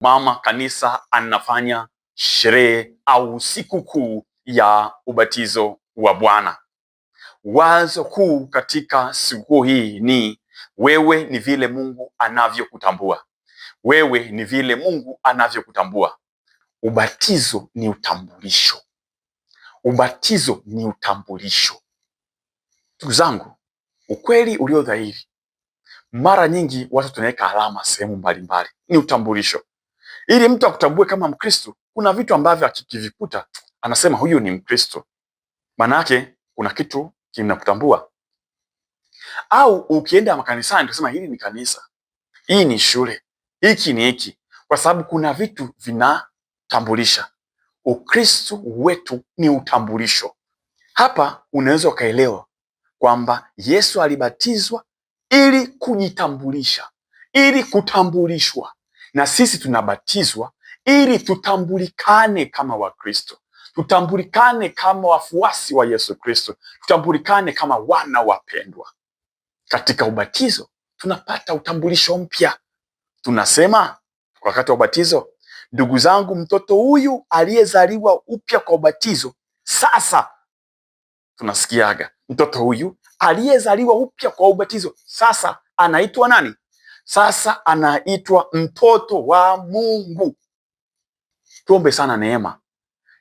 mama kanisa anafanya sherehe au sikukuu ya ubatizo wa Bwana. Wazo kuu katika sikukuu hii ni wewe ni vile Mungu anavyokutambua. Wewe ni vile Mungu anavyokutambua. Ubatizo ni utambulisho. Ubatizo ni utambulisho. Ndugu zangu, ukweli ulio dhahiri, mara nyingi watu tunaweka alama sehemu mbalimbali, ni utambulisho. Ili mtu akutambue kama Mkristo, kuna vitu ambavyo akikivikuta anasema huyu ni Mkristo, maana yake kuna kitu kinakutambua. Au ukienda makanisani tunasema hili ni kanisa, hii ni shule, hiki ni hiki, kwa sababu kuna vitu vinatambulisha. Ukristo wetu ni utambulisho. Hapa unaweza ukaelewa kwamba Yesu alibatizwa ili kujitambulisha, ili kutambulishwa na sisi tunabatizwa ili tutambulikane kama Wakristo, tutambulikane kama wafuasi wa Yesu Kristo, tutambulikane kama wana wapendwa. Katika ubatizo tunapata utambulisho mpya. Tunasema wakati wa ubatizo, ndugu zangu, mtoto huyu aliyezaliwa upya kwa ubatizo sasa tunasikiaga mtoto huyu aliyezaliwa upya kwa ubatizo sasa anaitwa nani? sasa anaitwa mtoto wa Mungu. Tuombe sana neema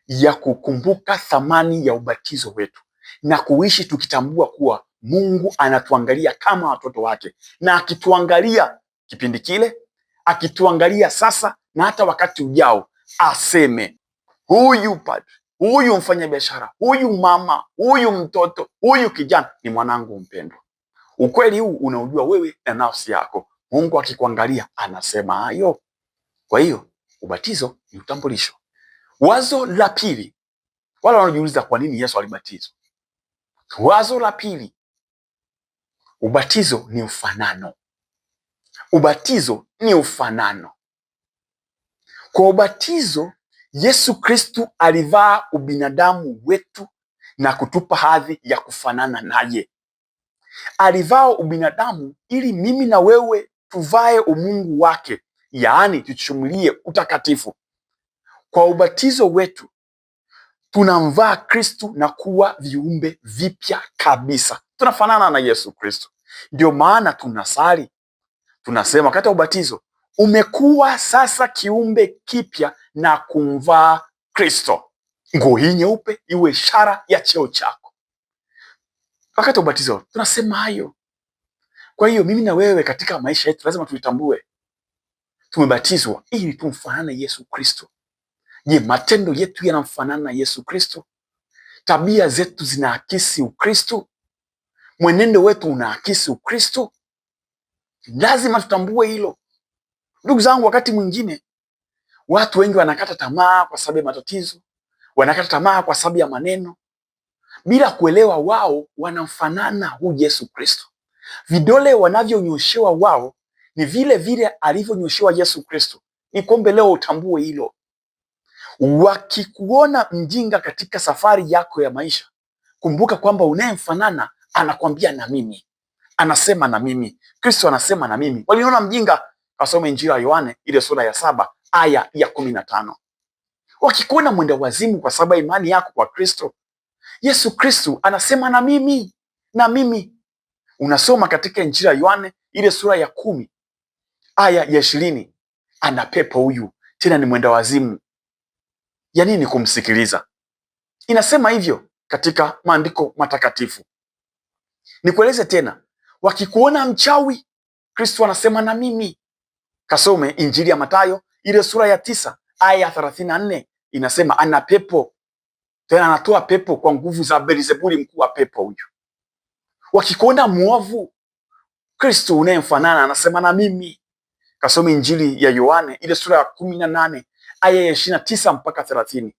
ya kukumbuka thamani ya ubatizo wetu na kuishi tukitambua kuwa Mungu anatuangalia kama watoto wake, na akituangalia kipindi kile, akituangalia sasa na hata wakati ujao, aseme huyu padri, huyu mfanyabiashara, huyu mama, huyu mtoto, huyu kijana ni mwanangu mpendwa. Ukweli huu unaujua wewe na nafsi yako. Mungu akikuangalia anasema hayo. Kwa hiyo ubatizo ni utambulisho. Wazo la pili, wala wanaojiuliza kwa nini Yesu alibatizwa. Wazo la pili, ubatizo ni ufanano. Ubatizo ni ufanano. Kwa ubatizo Yesu Kristu alivaa ubinadamu wetu na kutupa hadhi ya kufanana naye. Alivaa ubinadamu ili mimi na wewe tuvae umungu wake, yaani tuchumulie utakatifu. Kwa ubatizo wetu tunamvaa Kristu na kuwa viumbe vipya kabisa, tunafanana na Yesu Kristu. Ndio maana tunasali tunasema wakati wa ubatizo, umekuwa sasa kiumbe kipya na kumvaa Kristo. Nguo hii nyeupe iwe ishara ya cheo chako. Wakati wa ubatizo tunasema hayo. Kwa hiyo mimi na wewe katika maisha yetu lazima tuitambue, tumebatizwa ili tumfanane Yesu Kristo. Je, matendo yetu yanamfanana na Yesu Kristo? Tabia zetu zinaakisi Ukristo? Mwenendo wetu unaakisi Ukristo? Lazima tutambue hilo, ndugu zangu. Wakati mwingine watu wengi wanakata tamaa kwa sababu ya matatizo, wanakata tamaa kwa sababu ya maneno, bila kuelewa wao wanamfanana huu Yesu Kristo. Vidole wanavyonyoshewa wao ni vile vile alivyonyoshewa Yesu Kristo. Ni kombe leo utambue hilo. Wakikuona mjinga katika safari yako ya maisha, kumbuka kwamba unayemfanana anakwambia na mimi, anasema na mimi, Kristo anasema na mimi. Waliona mjinga, asome Injili ya Yohane ile sura ya saba aya ya kumi na tano. Wakikuona mwenda wazimu kwa sababu ya imani yako kwa Kristo, Yesu Kristo anasema na mimi, na mimi Unasoma katika injili ya Yohane ile sura ya kumi aya ya ishirini ana pepo huyu, tena ni mwenda wazimu. Ya nini kumsikiliza? Inasema hivyo katika maandiko matakatifu. Nikueleze tena, wakikuona mchawi, Kristo anasema na mimi. Kasome injili ya Matayo ile sura ya tisa aya ya thelathini na nne inasema ana pepo tena, anatoa pepo kwa nguvu za Beelzebuli, mkuu wa pepo huyu wakikuona mwovu, Kristo unayemfanana anasema na mimi. Kasome Injili ya Yohane ile sura ya kumi na nane aya ya ishirini na tisa mpaka thelathini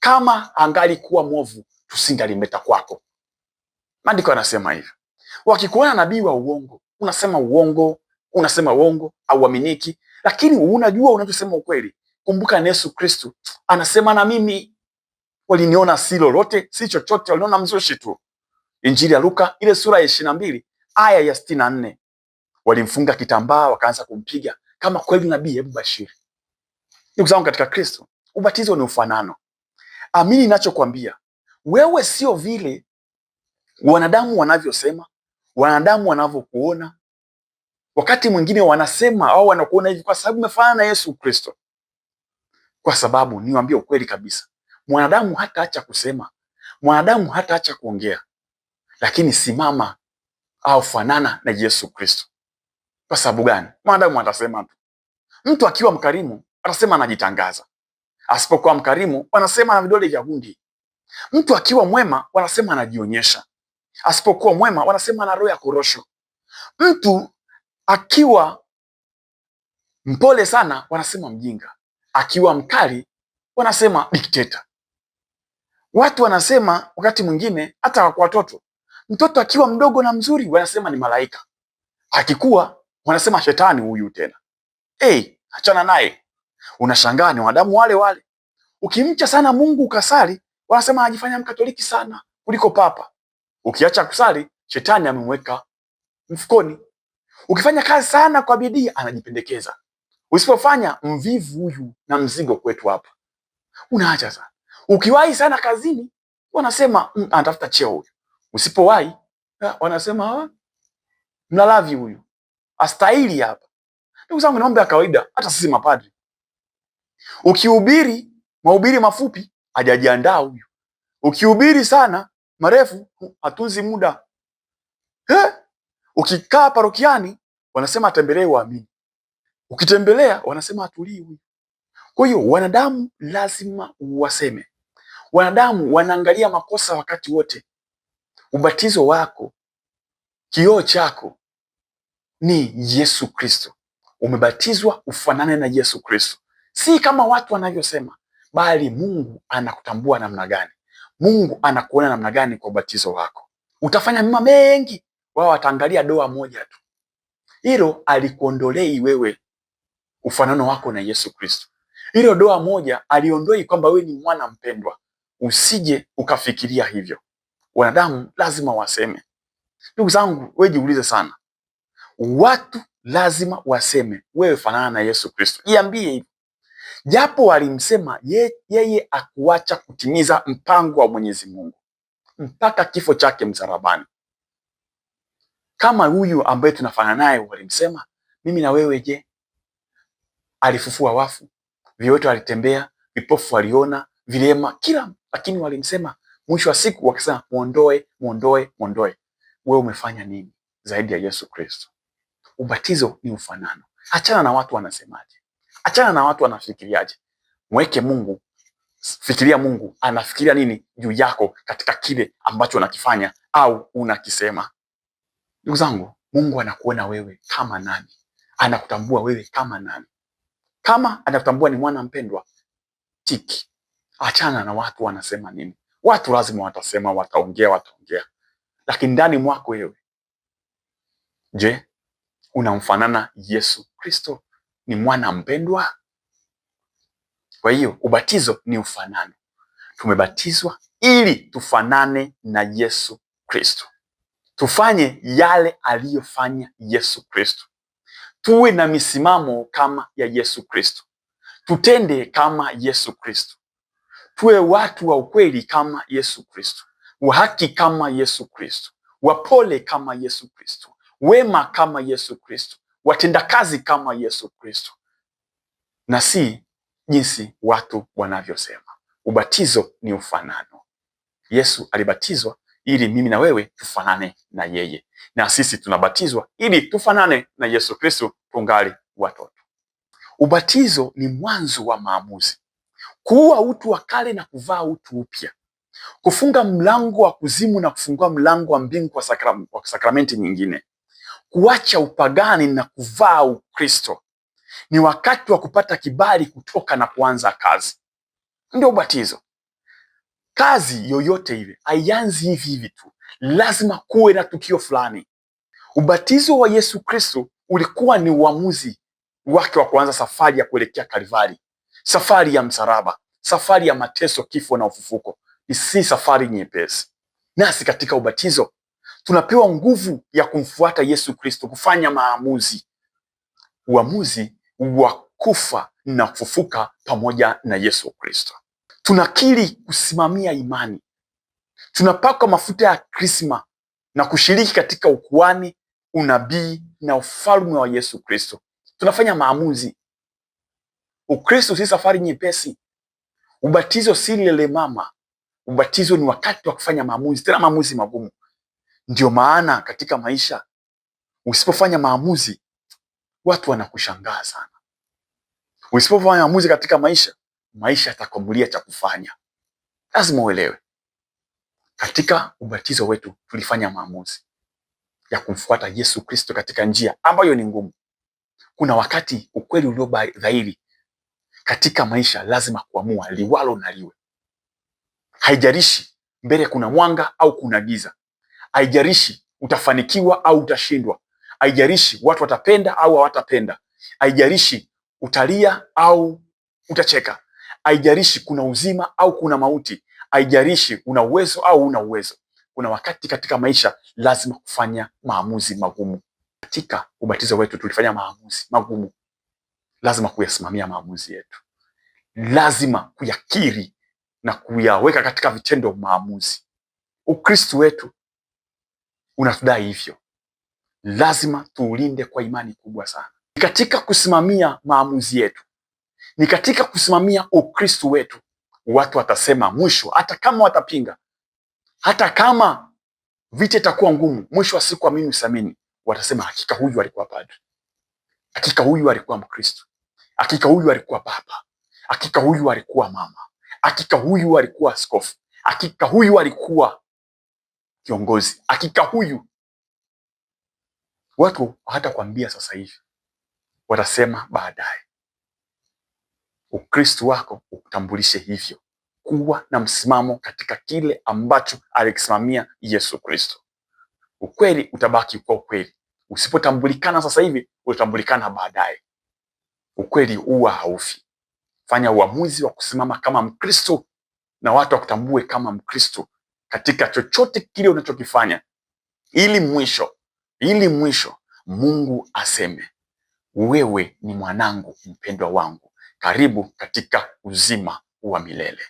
kama angali kuwa mwovu tusingalimeta kwako. Maandiko anasema hivyo, wakikuona nabii wa uongo, unasema uongo, unasema uongo, auaminiki, lakini unajua unachosema ukweli. Kumbuka Yesu Kristu anasema na mimi, waliniona si lolote, si chochote, waliniona mzushi tu. Injili ya Luka ile sura ya ishirini na mbili aya ya sitini na nne walimfunga kitambaa wakaanza kumpiga kama kweli nabii, hebu bashiri. Ndugu zangu katika Kristo, ubatizo ni ufanano. Amini ninachokwambia wewe, sio vile wanadamu wanavyosema, wanadamu wanavyokuona. Wakati mwingine wanasema au wanakuona hivi kwa sababu umefanana na Yesu Kristo, kwa sababu niwaambie ukweli kabisa, mwanadamu hataacha kusema, mwanadamu hataacha kuongea, lakini simama au fanana na Yesu Kristo. Kwa sababu gani? Maadamu atasema tu, mtu akiwa mkarimu atasema anajitangaza, asipokuwa mkarimu wanasema na vidole vya gundi. Mtu akiwa mwema wanasema anajionyesha, asipokuwa mwema wanasema na roho ya korosho. Mtu akiwa mpole sana wanasema mjinga, akiwa mkali wanasema dikteta. Watu wanasema wakati mwingine hata kwa watoto Mtoto akiwa mdogo na mzuri wanasema ni malaika, akikuwa wanasema shetani huyu tena. Hey, achana naye. Unashangaa ni wanadamu wale wale. Ukimcha sana Mungu ukasali, wanasema anajifanya mkatoliki sana kuliko papa. Ukiacha kusali, shetani amemweka mfukoni. Ukifanya kazi sana kwa bidii, anajipendekeza. Usipofanya, mvivu huyu na mzigo kwetu hapa. Unaacha sana. Ukiwahi sana kazini, wanasema mm, anatafuta cheo huyu. Usipowahi wanasema ah, mlalavi huyu astahili hapa. Ndugu zangu, ni mambo ya kawaida, hata sisi mapadri. Ukihubiri mahubiri mafupi, hajajiandaa huyu. Ukihubiri sana marefu, hatunzi muda Ukikaa parokiani wanasema atembelee waamini, ukitembelea wanasema atulii huyu. Kwa hiyo wanadamu lazima waseme, wanadamu wanaangalia makosa wakati wote. Ubatizo wako, kioo chako ni Yesu Kristo. Umebatizwa ufanane na Yesu Kristo, si kama watu wanavyosema, bali Mungu anakutambua namna gani, Mungu anakuona namna gani kwa ubatizo wako. Utafanya mema mengi, wao wataangalia doa moja tu. Hilo alikuondolei wewe ufanano wako na Yesu Kristo. Hilo doa moja aliondoi kwamba wewe ni mwana mpendwa. Usije ukafikiria hivyo wanadamu lazima waseme. Ndugu zangu, wewe jiulize sana, watu lazima waseme wewe fanana na Yesu Kristo. Jiambie hivi, japo walimsema ye, yeye akuacha kutimiza mpango wa Mwenyezi Mungu mpaka kifo chake msalabani. Kama huyu ambaye tunafanana naye walimsema, mimi na wewe je? Alifufua wafu, viwete walitembea, vipofu waliona, vilema kila, lakini walimsema Mwisho wa siku wakisema muondoe, muondoe, muondoe, wewe umefanya nini zaidi ya Yesu Kristo? Ubatizo ni ufanano. Achana na watu wanasemaje, achana na watu wanafikiriaje, mweke Mungu. Fikiria Mungu anafikiria nini juu yako katika kile ambacho unakifanya au unakisema. Ndugu zangu, Mungu anakuona wewe kama nani, anakutambua wewe kama nani. Kama anakutambua ni mwana mpendwa, tiki, achana na watu wanasema nini. Watu lazima watasema, wataongea, wataongea, lakini ndani mwako wewe, je, unamfanana Yesu Kristo? Ni mwana mpendwa? Kwa hiyo ubatizo ni ufanano. Tumebatizwa ili tufanane na Yesu Kristo, tufanye yale aliyofanya Yesu Kristo, tuwe na misimamo kama ya Yesu Kristo, tutende kama Yesu Kristo tuwe watu wa ukweli kama Yesu Kristo, wa haki kama Yesu Kristo, wapole kama Yesu Kristo, wema kama Yesu Kristo, watendakazi kama Yesu Kristo, na si jinsi watu wanavyosema. Ubatizo ni ufanano. Yesu alibatizwa ili mimi na wewe tufanane na yeye, na sisi tunabatizwa ili tufanane na Yesu Kristo tungali watoto. Ubatizo ni mwanzo wa maamuzi kuua utu wa kale na kuvaa utu upya, kufunga mlango wa kuzimu na kufungua mlango wa mbingu kwa sakram, kwa sakramenti nyingine, kuacha upagani na kuvaa Ukristo. Ni wakati wa kupata kibali kutoka na kuanza kazi, ndio ubatizo. Kazi yoyote ile haianzi hivi hivi tu, lazima kuwe na tukio fulani. Ubatizo wa Yesu Kristo ulikuwa ni uamuzi wake wa kuanza safari ya kuelekea Kalvari. Safari ya msalaba, safari ya mateso, kifo na ufufuko si safari nyepesi. Nasi katika ubatizo tunapewa nguvu ya kumfuata Yesu Kristo, kufanya maamuzi, uamuzi wa kufa na kufufuka pamoja na Yesu Kristo. Tunakiri kusimamia imani, tunapakwa mafuta ya krisma na kushiriki katika ukuani unabii na ufalme wa Yesu Kristo. Tunafanya maamuzi Ukristo si safari nyepesi. Ubatizo si lelemama. Ubatizo ni wakati wa kufanya maamuzi, tena maamuzi magumu. Ndio maana katika maisha usipofanya maamuzi, watu wanakushangaa sana. Usipofanya maamuzi katika maisha, maisha yatakuamulia cha kufanya. Lazima uelewe, katika ubatizo wetu tulifanya maamuzi ya kumfuata Yesu Kristo katika njia ambayo ni ngumu. Kuna wakati ukweli ulio dhahiri katika maisha lazima kuamua liwalo na liwe. haijarishi mbele kuna mwanga au kuna giza, haijarishi utafanikiwa au utashindwa, haijarishi watu watapenda au hawatapenda, haijarishi utalia au utacheka, haijarishi kuna uzima au kuna mauti, haijarishi una uwezo au una uwezo. Kuna wakati katika maisha lazima kufanya maamuzi magumu. Katika ubatizo wetu tulifanya maamuzi magumu lazima kuyasimamia maamuzi yetu, lazima kuyakiri na kuyaweka katika vitendo maamuzi. Ukristo wetu unatudai hivyo, lazima tuulinde kwa imani kubwa sana. Ni katika kusimamia maamuzi yetu, ni katika kusimamia ukristo wetu, watu watasema mwisho, hata kama watapinga, hata kama vita itakuwa ngumu, mwisho wa siku, amini usiamini, watasema hakika huyu alikuwa padri, hakika huyu alikuwa Mkristo. Hakika huyu alikuwa baba, hakika huyu alikuwa mama, hakika huyu alikuwa askofu, hakika huyu alikuwa kiongozi, hakika huyu. Watu hawatakwambia sasa hivi, watasema baadaye. Ukristo wako ukutambulishe hivyo, kuwa na msimamo katika kile ambacho alikisimamia Yesu Kristo. Ukweli utabaki kwa ukweli. Usipotambulikana sasa hivi, utatambulikana baadaye. Ukweli huwa haufi. Fanya uamuzi wa kusimama kama Mkristo na watu wakutambue kama Mkristo katika chochote kile unachokifanya, ili mwisho ili mwisho Mungu aseme wewe ni mwanangu mpendwa wangu, karibu katika uzima wa milele.